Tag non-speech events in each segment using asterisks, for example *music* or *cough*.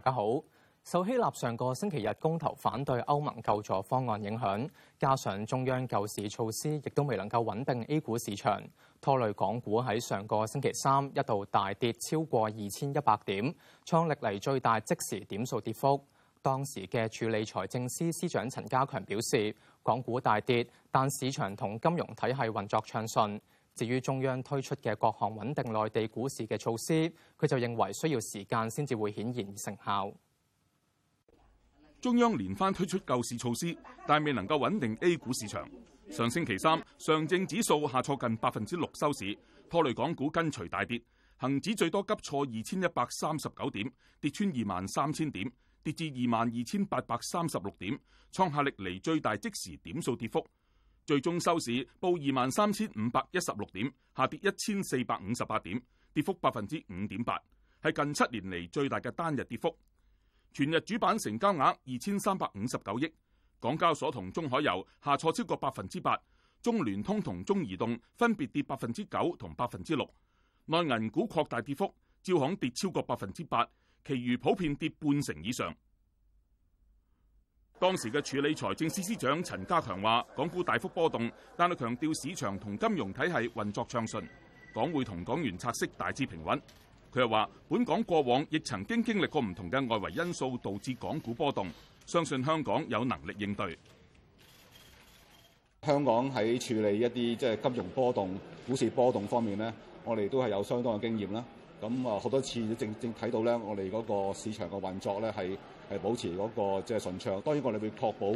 大家好。受希臘上個星期日公投反對歐盟救助方案影響，加上中央救市措施亦都未能夠穩定 A 股市場，拖累港股喺上個星期三一度大跌超過二千一百點，創歷嚟最大即時點數跌幅。當時嘅署理財政司司長陳家強表示，港股大跌，但市場同金融體系運作暢順。至於中央推出嘅各項穩定內地股市嘅措施，佢就認為需要時間先至會顯然成效。中央連番推出救市措施，但未能夠穩定 A 股市場。上星期三，上證指數下挫近百分之六收市，拖累港股跟隨大跌，恒指最多急挫二千一百三十九點，跌穿二萬三千點，跌至二萬二千八百三十六點，創下歷嚟最大即時點數跌幅。最終收市報二萬三千五百一十六點，下跌一千四百五十八點，跌幅百分之五點八，係近七年嚟最大嘅單日跌幅。全日主板成交額二千三百五十九億，港交所同中海油下挫超過百分之八，中聯通同中移動分別跌百分之九同百分之六，內銀股擴大跌幅，招行跌超過百分之八，其餘普遍跌半成以上。當時嘅處理財政司司長陳家強話，港股大幅波動，但係強調市場同金融體系運作暢順，港匯同港元拆息大致平穩。佢又話，本港過往亦曾經經歷過唔同嘅外圍因素導致港股波動，相信香港有能力應對。香港喺處理一啲即係金融波動、股市波動方面呢，我哋都係有相當嘅經驗啦。咁啊，好多次正正睇到咧，我哋嗰個市場嘅運作咧係，係保持嗰個即係順暢，當然我哋會確保，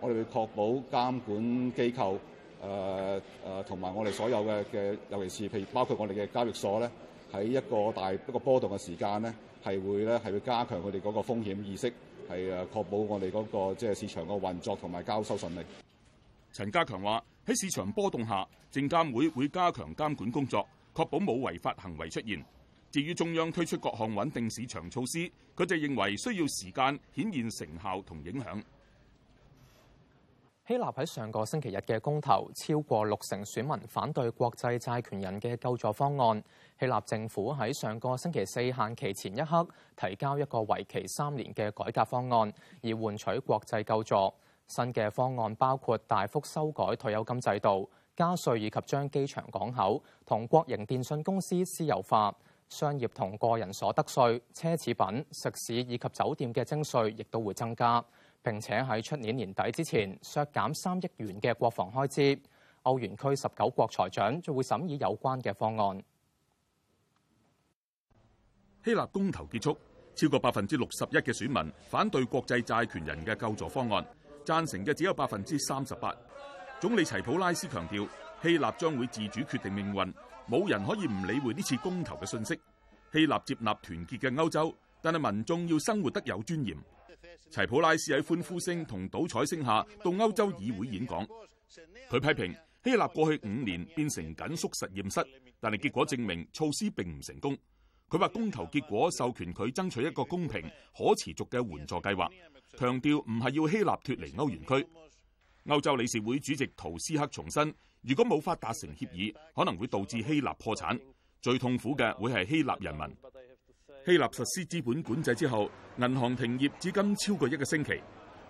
我哋會確保監管機構誒誒同埋我哋所有嘅嘅，尤其是譬如包括我哋嘅交易所咧，喺一個大一個波動嘅時間咧，係會咧係會加強佢哋嗰個風險意識，係誒確保我哋嗰個即係市場嘅運作同埋交收順利。陳家強話，喺市場波動下，證監會會加強監管工作，確保冇違法行為出現。至於中央推出各項穩定市場措施，佢就認為需要時間顯現成效同影響。希臘喺上個星期日嘅公投，超過六成選民反對國際債權人嘅救助方案。希臘政府喺上個星期四限期前一刻提交一個為期三年嘅改革方案，以換取國際救助。新嘅方案包括大幅修改退休金制度、加稅以及將機場港口同國營電信公司私有化。商業同個人所得稅、奢侈品、食肆以及酒店嘅徵稅亦都會增加，並且喺出年年底之前削減三億元嘅國防開支。歐元區十九國財長就會審議有關嘅方案。希臘公投結束，超過百分之六十一嘅選民反對國際債權人嘅救助方案，贊成嘅只有百分之三十八。總理齊普拉斯強調，希臘將會自主決定命運。冇人可以唔理會呢次公投嘅信息。希臘接納團結嘅歐洲，但係民眾要生活得有尊嚴。齊普拉斯喺歡呼聲同倒彩聲下到歐洲議會演講，佢批評希臘過去五年變成緊縮實驗室，但係結果證明措施並唔成功。佢話公投結果授權佢爭取一個公平、可持續嘅援助計劃，強調唔係要希臘脫離歐元區。歐洲理事會主席圖斯克重申。如果冇法達成協議，可能會導致希臘破產，最痛苦嘅會係希臘人民。希臘實施資本管制之後，銀行停業至今超過一個星期，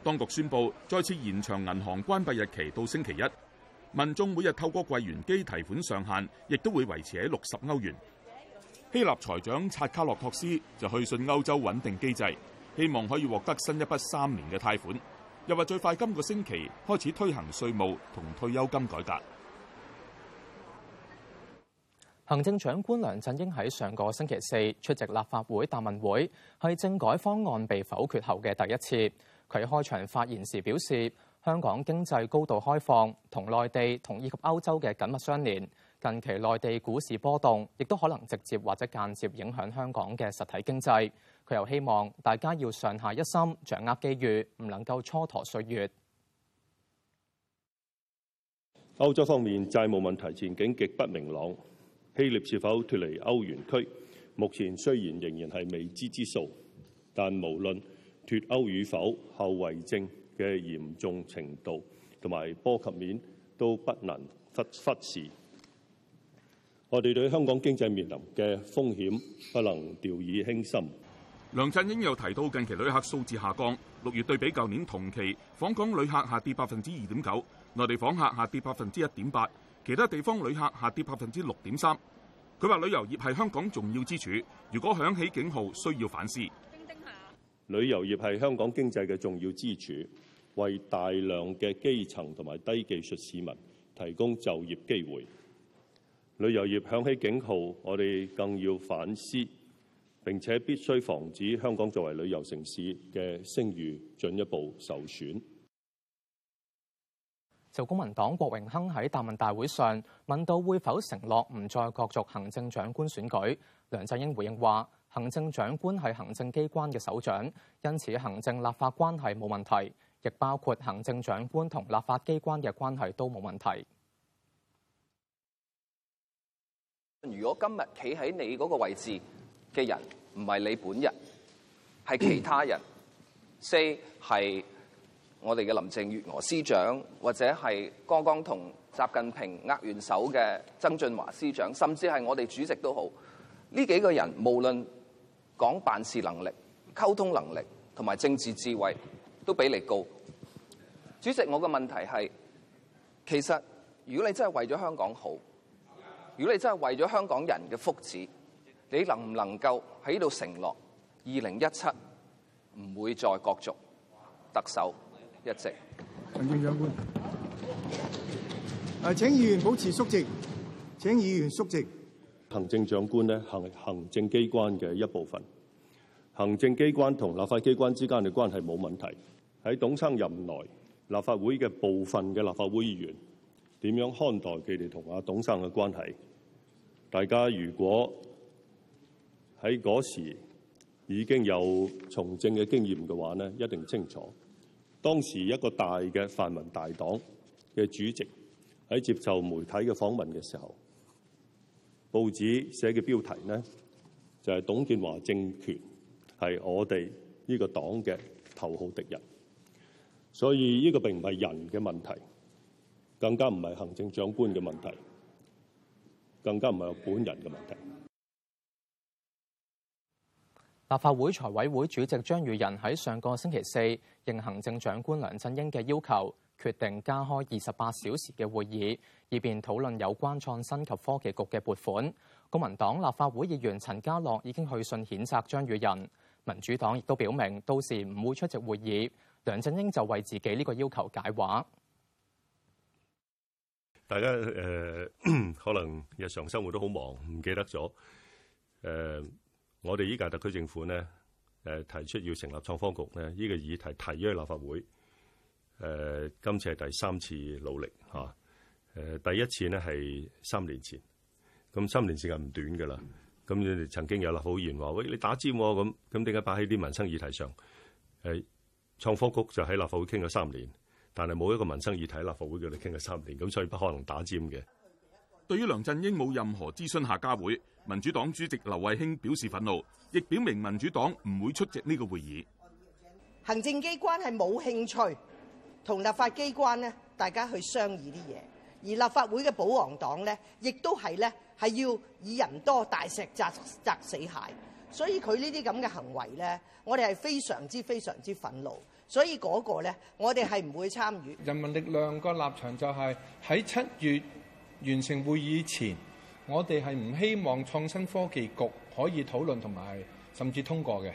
當局宣布再次延長銀行關閉日期到星期一。民眾每日透過櫃員機提款上限，亦都會維持喺六十歐元。希臘財長察卡洛托斯就去信歐洲穩定機制，希望可以獲得新一筆三年嘅貸款，又話最快今個星期開始推行稅務同退休金改革。行政長官梁振英喺上個星期四出席立法會答問會，係政改方案被否決後嘅第一次。佢開場發言時表示，香港經濟高度開放，同內地、同以及歐洲嘅緊密相連。近期內地股市波動，亦都可能直接或者間接影響香港嘅實體經濟。佢又希望大家要上下一心，掌握機遇，唔能夠蹉跎歲月。歐洲方面，債務問題前景極不明朗。希臘是否脫離歐元區？目前雖然仍然係未知之數，但無論脫歐與否，後遺症嘅嚴重程度同埋波及面都不能忽忽視。我哋對香港經濟面臨嘅風險，不能掉以輕心。梁振英又提到，近期旅客數字下降，六月對比舊年同期，訪港旅客下跌百分之二點九，內地訪客下跌百分之一點八。其他地方旅客下跌百分之六點三，佢話旅遊業係香港重要支柱，如果響起警號需要反思。旅遊業係香港經濟嘅重要支柱，為大量嘅基層同埋低技術市民提供就業機會。旅遊業響起警號，我哋更要反思，並且必須防止香港作為旅遊城市嘅聲譽進一步受損。就公民黨郭榮鏗喺答問大會上問到會否承諾唔再角逐行政長官選舉，梁振英回應話：行政長官係行政機關嘅首長，因此行政立法關係冇問題，亦包括行政長官同立法機關嘅關係都冇問題。如果今日企喺你嗰個位置嘅人唔係你本人，係其他人，四係。 *coughs* 我哋嘅林鄭月娥司長或者係剛剛同習近平握完手嘅曾俊華司長甚至係我哋主席都好，呢幾個人無論講辦事能力、溝通能力同埋政治智慧，都比你高。主席，我嘅問題係，其實如果你真係為咗香港好，如果你真係為咗香港人嘅福祉，你能唔能夠喺度承諾二零一七唔會再角逐特首？一直行政長官誒，請議員保持肅靜。請議員肅靜。行政長官咧，行行政機關嘅一部分。行政機關同立法機關之間嘅關係冇問題。喺董生任內，立法會嘅部分嘅立法會議員點樣看待佢哋同阿董生嘅關係？大家如果喺嗰時已經有從政嘅經驗嘅話呢，一定清楚。當時一個大嘅泛民大黨嘅主席喺接受媒體嘅訪問嘅時候，報紙寫嘅標題呢就係、是、董建華政權係我哋呢個黨嘅頭號敵人，所以呢個並唔係人嘅問題，更加唔係行政長官嘅問題，更加唔係我本人嘅問題。立法會財委會主席張宇人喺上個星期四，應行政長官梁振英嘅要求，決定加開二十八小時嘅會議，以便討論有關創新及科技局嘅撥款。公民黨立法會議員陳家洛已經去信譴責張宇人，民主黨亦都表明到時唔會出席會議。梁振英就為自己呢個要求解話：大家誒、呃，可能日常生活都好忙，唔記得咗誒。呃我哋依屆特區政府咧，誒、呃、提出要成立創科局咧，呢、這個議題提咗去立法會。誒、呃、今次係第三次努力嚇，誒、啊呃、第一次呢係三年前，咁三年時間唔短噶啦。咁你哋曾經有立法會議員話：喂，你打尖喎、哦？咁咁點解擺喺啲民生議題上？誒、呃、創科局就喺立法會傾咗三年，但係冇一個民生議題立法會叫你傾咗三年，咁所以不可能打尖嘅。對於梁振英冇任何諮詢下，加會，民主黨主席劉慧卿表示憤怒，亦表明民主黨唔會出席呢個會議。行政機關係冇興趣同立法機關呢，大家去商議啲嘢，而立法會嘅保皇黨呢，亦都係呢，係要以人多大石砸砸死蟹。所以佢呢啲咁嘅行為呢，我哋係非常之非常之憤怒，所以嗰個呢，我哋係唔會參與。人民力量個立場就係喺七月完成會議前，我哋係唔希望創新科技局可以討論同埋甚至通過嘅。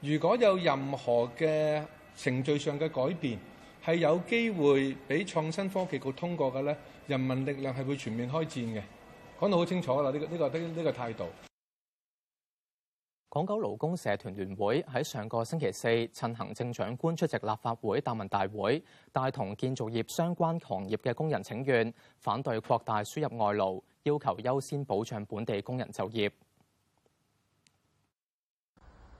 如果有任何嘅程序上嘅改變係有機會俾創新科技局通過嘅咧，人民力量係會全面開戰嘅。講得好清楚啦，呢個呢個呢個態度。港九勞工社團聯會喺上個星期四，趁行政長官出席立法會答問大會，帶同建造業相關行業嘅工人請願，反對擴大輸入外勞，要求優先保障本地工人就業。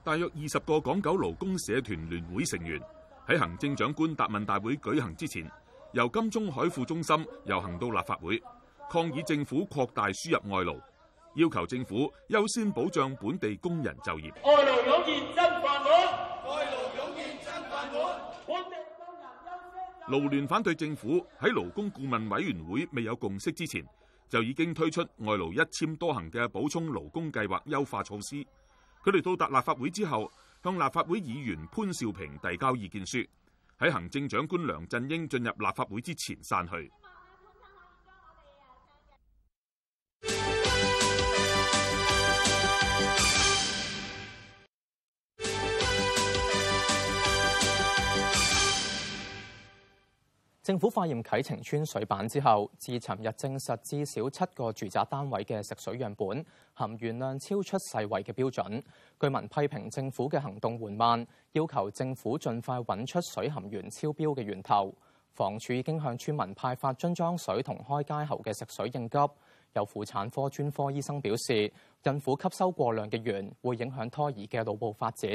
大約二十個港九勞工社團聯會成員喺行政長官答問大會舉行之前，由金鐘海富中心遊行到立法會，抗議政府擴大輸入外勞。要求政府優先保障本地工人就業。勞聯反對政府喺勞工顧問委員會未有共識之前，就已經推出外勞一簽多行嘅補充勞工計劃優化措施。佢哋到達立法會之後，向立法會議員潘兆平遞交意見書，喺行政長官梁振英進入立法會之前散去。政府發現啟晴邨水板之後，至尋日證實至少七個住宅單位嘅食水樣本含鉛量超出世衛嘅標準。居民批評政府嘅行動緩慢，要求政府盡快揾出水含鉛超標嘅源頭。房署已經向村民派發樽裝水同開街喉嘅食水應急。有婦產科專科醫生表示，孕婦吸收過量嘅鉛會影響胎兒嘅腦部發展。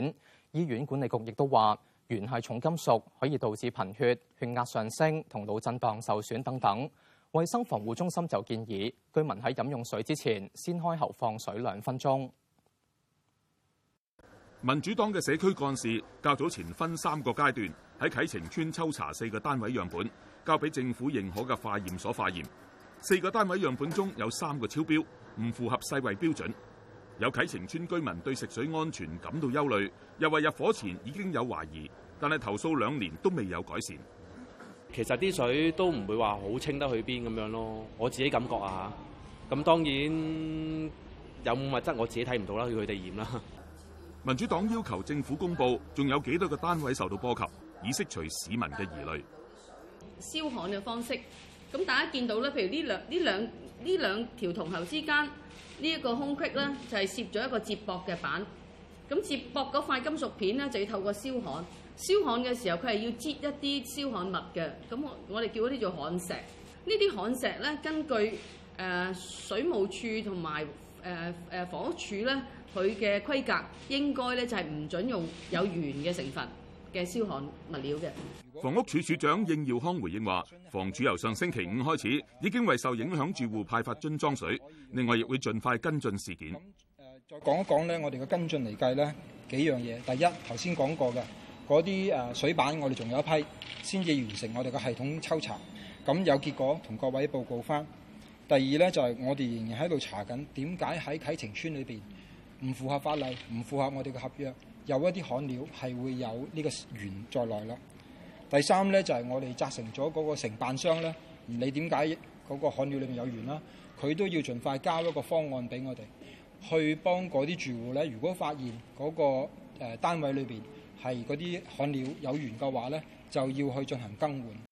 醫院管理局亦都話，原係重金屬，可以導致貧血、血壓上升同腦震盪受損等等。衞生防護中心就建議居民喺飲用水之前，先開喉放水兩分鐘。民主黨嘅社區幹事較早前分三個階段喺啟晴邨抽查四個單位樣本，交俾政府認可嘅化驗所化驗。四個單位樣本中有三個超標，唔符合世衛標準。有啟晴邨居民對食水安全感到憂慮，又話入伙前已經有懷疑，但係投訴兩年都未有改善。其實啲水都唔會話好清得去邊咁樣咯，我自己感覺啊。咁當然有物質，我自己睇唔到啦，要佢哋驗啦。民主黨要求政府公布仲有幾多個單位受到波及，以釋除市民嘅疑慮。燒焊嘅方式，咁大家見到咧，譬如呢兩呢兩呢兩條銅喉之間。這呢一個空隙咧，就係攝咗一個接駁嘅板，咁接駁嗰塊金屬片咧，就要透過燒焊。燒焊嘅時候，佢係要擠一啲燒焊物嘅，咁我我哋叫嗰啲做焊石。呢啲焊石咧，根據誒、呃、水務署同埋誒誒房屋署咧，佢嘅規格應該咧就係、是、唔準用有鉛嘅成分。嘅消寒物料嘅房屋署署長應耀康回應話，房主由上星期五開始，已經為受影響住戶派發樽裝水，另外亦會盡快跟進事件。誒，再講一講咧，我哋嘅跟進嚟計咧，幾樣嘢。第一，頭先講過嘅嗰啲誒水板，我哋仲有一批，先至完成我哋嘅系統抽查，咁有結果同各位報告翻。第二咧就係我哋仍然喺度查緊，點解喺啟晴邨裏邊唔符合法例，唔符合我哋嘅合約。有一啲焊料係會有呢個鉛在內啦。第三呢，就係、是、我哋責成咗嗰個承辦商呢，唔理點解嗰個焊料裏面有鉛啦，佢都要盡快交一個方案俾我哋，去幫嗰啲住戶呢，如果發現嗰、那個誒、呃、單位裏邊係嗰啲焊料有鉛嘅話呢，就要去進行更換。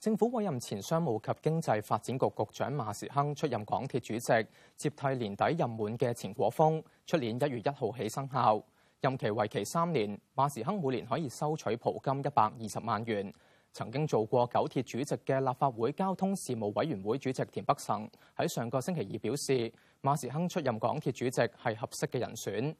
政府委任前商務及經濟發展局局長馬時亨出任港鐵主席，接替年底任滿嘅錢國鋒。出年一月一號起生效，任期為期三年。馬時亨每年可以收取袍金一百二十萬元。曾經做過九鐵主席嘅立法會交通事務委員會主席田北辰喺上個星期二表示，馬時亨出任港鐵主席係合適嘅人選。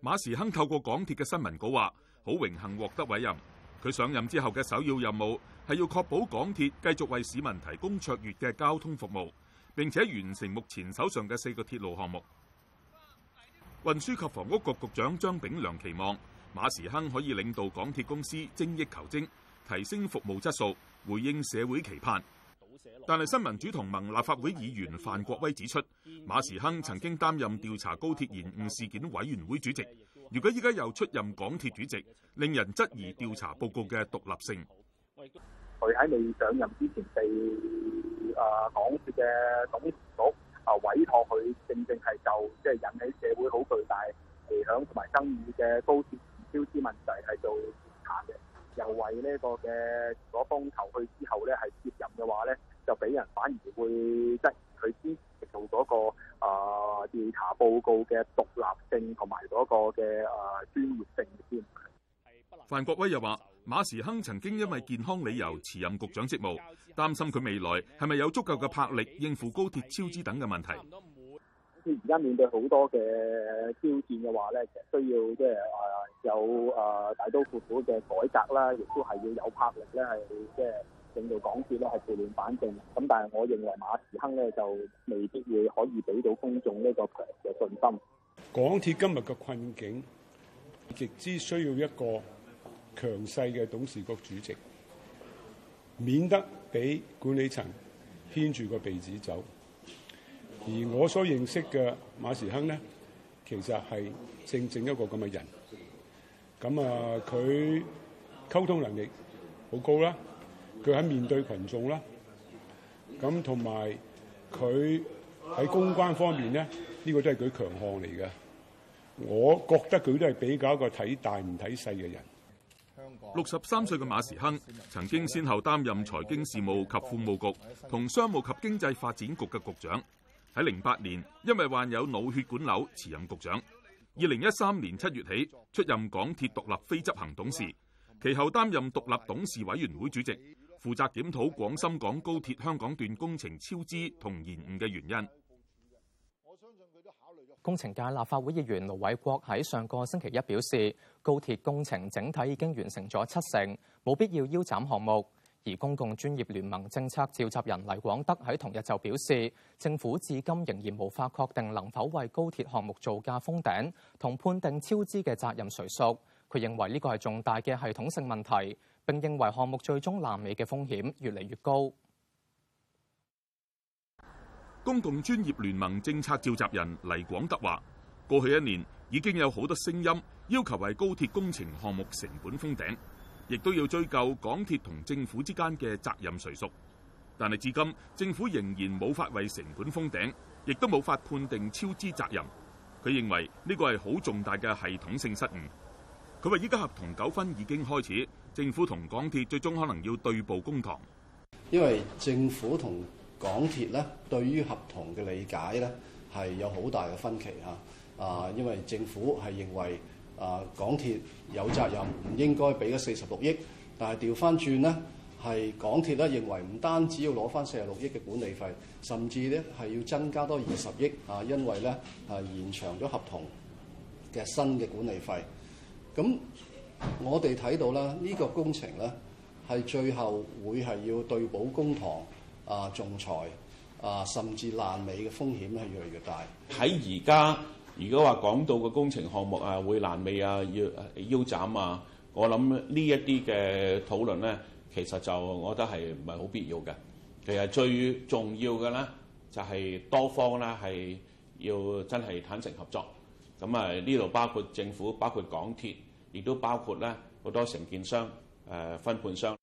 馬時亨透過港鐵嘅新聞稿話：好榮幸獲得委任。佢上任之後嘅首要任務係要確保港鐵繼續為市民提供卓越嘅交通服務，並且完成目前手上嘅四個鐵路項目。運輸及房屋局局，局長張炳良期望馬時亨可以領導港鐵公司精益求精，提升服務質素，回應社會期盼。但係新民主同盟立法會議員范國威指出，馬時亨曾經擔任調查高鐵延誤事件委員會主席。如果依家又出任港鐵主席，令人質疑調查報告嘅獨立性。佢喺未上任之前，被啊港鐵嘅董事局啊委託佢，正正係就即係引起社會好巨大迴響同埋爭議嘅高鐵取消之問題係做調查嘅。又為呢個嘅嗰方投去之後咧，係接任嘅話咧，就俾人反而會即。佢之前做嗰個啊調查報告嘅獨立性同埋嗰個嘅啊專業性先。范國威又話：馬時亨曾經因為健康理由辭任局長職務，擔心佢未來係咪有足夠嘅魄力應付高鐵超支等嘅問題。唔會。好似而家面對好多嘅挑戰嘅話咧，其實需要即係啊有啊、呃、大刀闊斧嘅改革啦，亦都係要有魄力咧，係即係。呃令到港鐵咧係撥亂反正咁，但係我認為馬時亨咧就未必會可以俾到公眾呢個嘅信心。港鐵今日嘅困境極之需要一個強勢嘅董事局主席，免得俾管理層牽住個鼻子走。而我所認識嘅馬時亨咧，其實係正正一個咁嘅人。咁啊，佢溝通能力好高啦。佢喺面對群眾啦，咁同埋佢喺公關方面呢，呢，呢個都係佢強項嚟嘅。我覺得佢都係比較一個睇大唔睇細嘅人。香港六十三歲嘅馬時亨曾經先後擔任財經事務及庫務局同商務及經濟發展局嘅局長。喺零八年因為患有腦血管瘤辭任局長。二零一三年七月起出任港鐵獨立非執行董事，其後擔任獨立董事委員會主席。負責檢討廣深港高鐵香港段工程超支同延誤嘅原因。工程界立法會議員盧偉國喺上個星期一表示，高鐵工程整體已經完成咗七成，冇必要腰斬項目。而公共專業聯盟政策召集人黎廣德喺同日就表示，政府至今仍然無法確定能否為高鐵項目造價封頂，同判定超支嘅責任誰屬。佢認為呢個係重大嘅系統性問題。並認為項目最終爛尾嘅風險越嚟越高。公共專業聯盟政策召集人黎廣德話，過去一年已經有好多聲音要求為高鐵工程項目成本封頂，亦都要追究港鐵同政府之間嘅責任誰屬。但係至今政府仍然無法為成本封頂，亦都無法判定超支責任。佢認為呢個係好重大嘅系統性失誤。佢話依家合同糾紛已經開始。政府同港鐵最終可能要對簿公堂，因為政府同港鐵咧對於合同嘅理解咧係有好大嘅分歧啊！啊，因為政府係認為啊港鐵有責任唔應該俾咗四十六億，但係調翻轉咧係港鐵咧認為唔單止要攞翻四十六億嘅管理費，甚至咧係要增加多二十億啊，因為咧啊延長咗合同嘅新嘅管理費，咁。我哋睇到啦，呢個工程咧係最後會係要對簿公堂啊、仲裁啊，甚至爛尾嘅風險咧，係越嚟越大。喺而家，如果話講到個工程項目啊會爛尾啊，要腰斬啊，我諗呢一啲嘅討論咧，其實就我覺得係唔係好必要嘅。其實最重要嘅咧，就係多方咧係要真係坦誠合作。咁啊，呢度包括政府，包括港鐵。亦都包括咧好多承建商、誒、呃、分判商。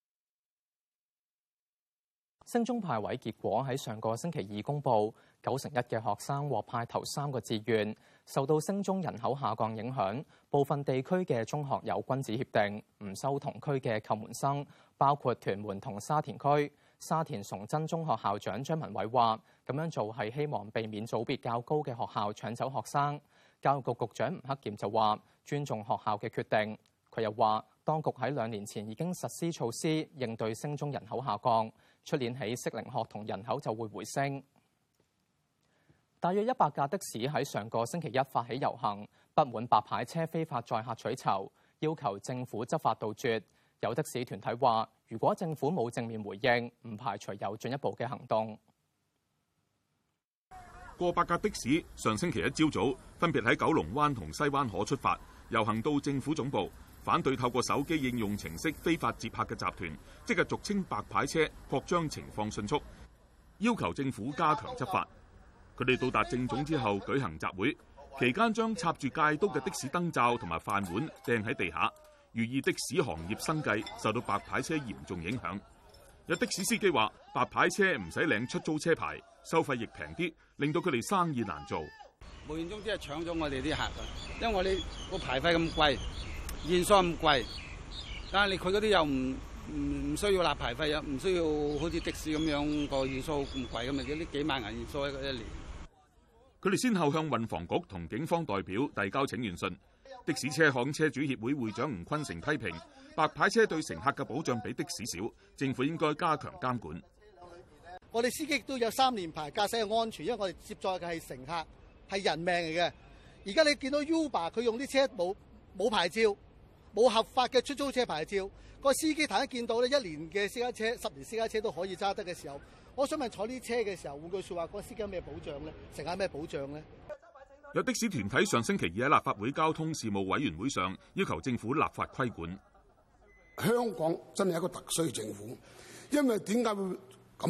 升中派位結果喺上個星期二公布，九成一嘅學生獲派頭三個志願，受到升中人口下降影響，部分地區嘅中學有君子協定，唔收同區嘅叩門生，包括屯門同沙田區。沙田崇真中學校長張文偉話，咁樣做係希望避免組別較高嘅學校搶走學生。教育局局長吳克儉就話尊重學校嘅決定。佢又話，當局喺兩年前已經實施措施應對升中人口下降，出年起適齡學童人口就會回升。大約一百架的士喺上個星期一發起遊行，不滿白牌車非法載客取酬，要求政府執法杜絕。有的士團體話，如果政府冇正面回應，唔排除有進一步嘅行動。過百架的士上星期一朝早，分別喺九龍灣同西灣河出發，遊行到政府總部，反對透過手機應用程式非法接客嘅集團，即係俗稱白牌車擴張情況迅速，要求政府加強執法。佢哋到達政總之後舉行集會，期間將插住界刀嘅的、的士燈罩同埋飯碗掟喺地下，寓意的士行業生計受到白牌車嚴重影響。有的士司機話白牌車唔使領出租車牌，收費亦平啲，令到佢哋生意難做。無形中即係搶咗我哋啲客啊！因為你個牌費咁貴，現數咁貴，但係你佢嗰啲又唔唔唔需要立牌費啊，唔需要好似的士咁樣個現數咁貴咁啊！呢幾萬銀現數喺一年。佢哋先後向運房局同警方代表遞交請願信。的士車行車主協會會長吳坤成批評白牌車對乘客嘅保障比的士少，政府應該加強監管。我哋司機都有三年牌駕駛嘅安全，因為我哋接載嘅係乘客，係人命嚟嘅。而家你見到 Uber，佢用啲車冇冇牌照，冇合法嘅出租車牌照，個司機頭一見到一年嘅私家車，十年私家車都可以揸得嘅時候，我想問坐呢車嘅時候，換句說話，個司機有咩保障咧？乘客有咩保障咧？有的士團體上星期二喺立法會交通事務委員會上要求政府立法規管。香港真係一個特區政府，因為點解會咁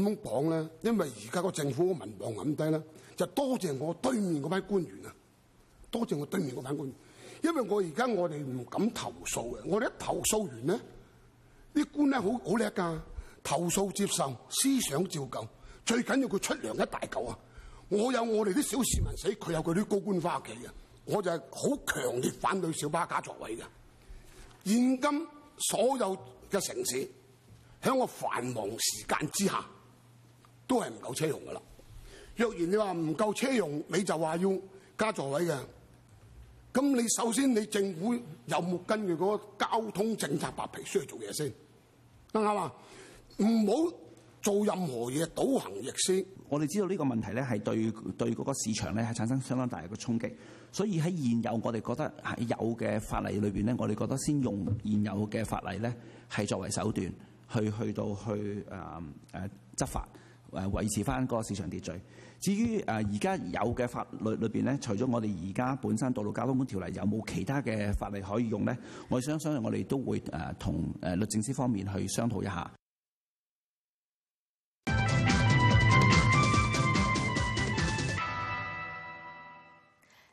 樣講咧？因為而家個政府個民望咁低呢，就多謝我對面嗰班官員啊，多謝我對面嗰班官員，因為我而家我哋唔敢投訴啊，我哋一投訴完呢，啲官咧好好叻噶，投訴接受，思想照舊，最緊要佢出糧一大嚿啊！我有我哋啲小市民死，佢有佢啲高官花旗嘅，我就係好強烈反對小巴加座位嘅。現今所有嘅城市響我繁忙時間之下都係唔夠車用噶啦。若然你話唔夠車用，你就話要加座位嘅，咁你首先你政府有冇根據嗰個交通政策白皮書去做嘢先？啱唔啱啊？唔好。做任何嘢，倒行逆施。我哋知道呢個問題咧，係對對嗰個市場咧係產生相當大嘅一個衝擊。所以喺現有我哋覺得喺有嘅法例裏邊咧，我哋覺得先用現有嘅法例咧，係作為手段去去到去誒誒執法，誒維持翻嗰個市場秩序。至於誒而家有嘅法律裏邊咧，除咗我哋而家本身道路交通管條例，有冇其他嘅法例可以用咧？我相相信我哋都會誒同誒律政司方面去商討一下。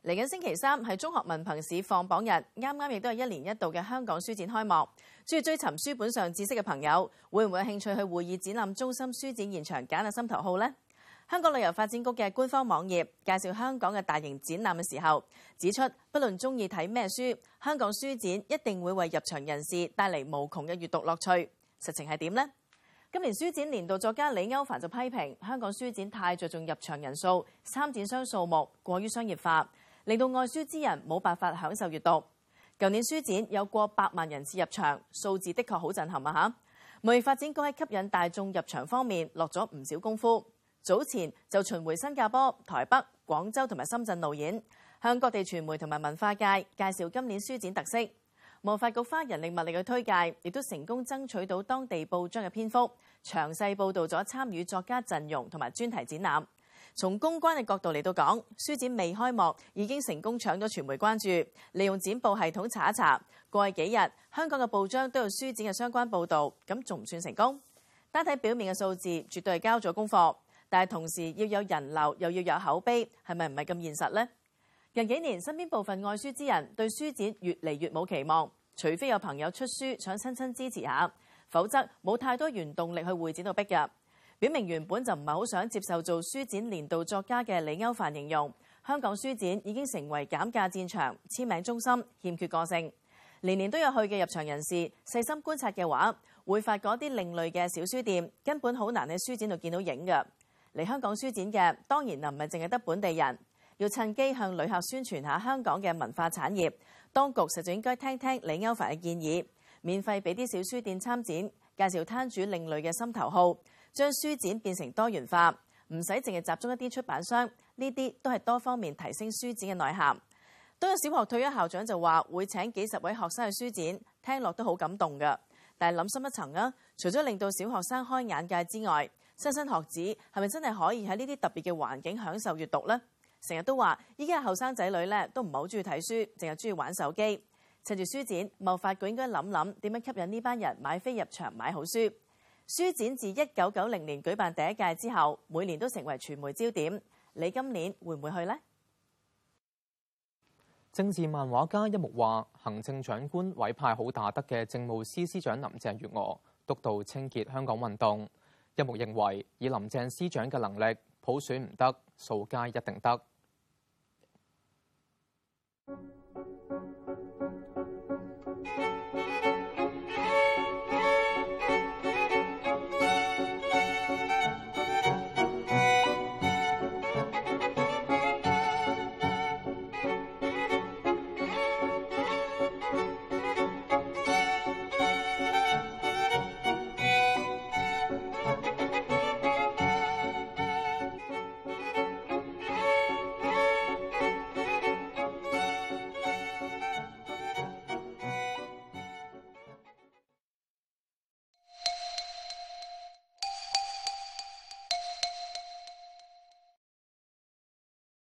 嚟緊星期三係中學文憑試放榜日，啱啱亦都係一年一度嘅香港書展開幕。中意追尋書本上知識嘅朋友，會唔會有興趣去會議展覽中心書展現場揀下心頭號呢？香港旅遊發展局嘅官方網頁介紹香港嘅大型展覽嘅時候，指出，不論中意睇咩書，香港書展一定會為入場人士帶嚟無窮嘅閱讀樂趣。實情係點呢？今年書展年度作家李歐凡就批評香港書展太着重入場人數、參展商數目，過於商業化。令到愛書之人冇辦法享受閱讀。舊年書展有過百萬人次入場，數字的確好震撼啊！嚇，無疑發展局喺吸引大眾入場方面落咗唔少功夫。早前就巡迴新加坡、台北、廣州同埋深圳路演，向各地傳媒同埋文化界介紹今年書展特色。貿發局花人力物力去推介，亦都成功爭取到當地報章嘅篇幅，詳細報導咗參與作家陣容同埋專題展覽。從公關嘅角度嚟到講，書展未開幕已經成功搶咗傳媒關注，利用展報系統查一查，過去幾日香港嘅報章都有書展嘅相關報導，咁仲唔算成功？單睇表面嘅數字，絕對係交咗功課，但係同時要有人流，又要有口碑，係咪唔係咁現實呢？近幾年身邊部分愛書之人對書展越嚟越冇期望，除非有朋友出書想親親支持一下，否則冇太多原動力去會展度逼入。表明原本就唔係好想接受做書展年度作家嘅李歐梵形容，香港書展已經成為減價戰場、簽名中心，欠缺個性。年年都有去嘅入場人士細心觀察嘅話，會發覺啲另類嘅小書店根本好難喺書展度見到影嘅。嚟，香港書展嘅當然能唔係淨係得本地人，要趁機向旅客宣傳下香港嘅文化產業。當局實在應該聽，聽聽李歐梵嘅建議，免費俾啲小書店參展，介紹攤主另類嘅心頭好。將書展變成多元化，唔使淨係集中一啲出版商，呢啲都係多方面提升書展嘅內涵。都有小學退休校長就話會請幾十位學生去書展，聽落都好感動噶。但係諗深一層啊，除咗令到小學生開眼界之外，莘莘學子係咪真係可以喺呢啲特別嘅環境享受閱讀呢？成日都話依家後生仔女咧都唔係好中意睇書，淨係中意玩手機。趁住書展，貿發局應該諗諗點樣吸引呢班人買飛入場，買好書。書展自一九九零年舉辦第一屆之後，每年都成為傳媒焦點。你今年會唔會去呢？政治漫畫家一木話，行政長官委派好打得嘅政務司司長林鄭月娥督導清潔香港運動。一木認為，以林鄭司長嘅能力，普選唔得，掃街一定得。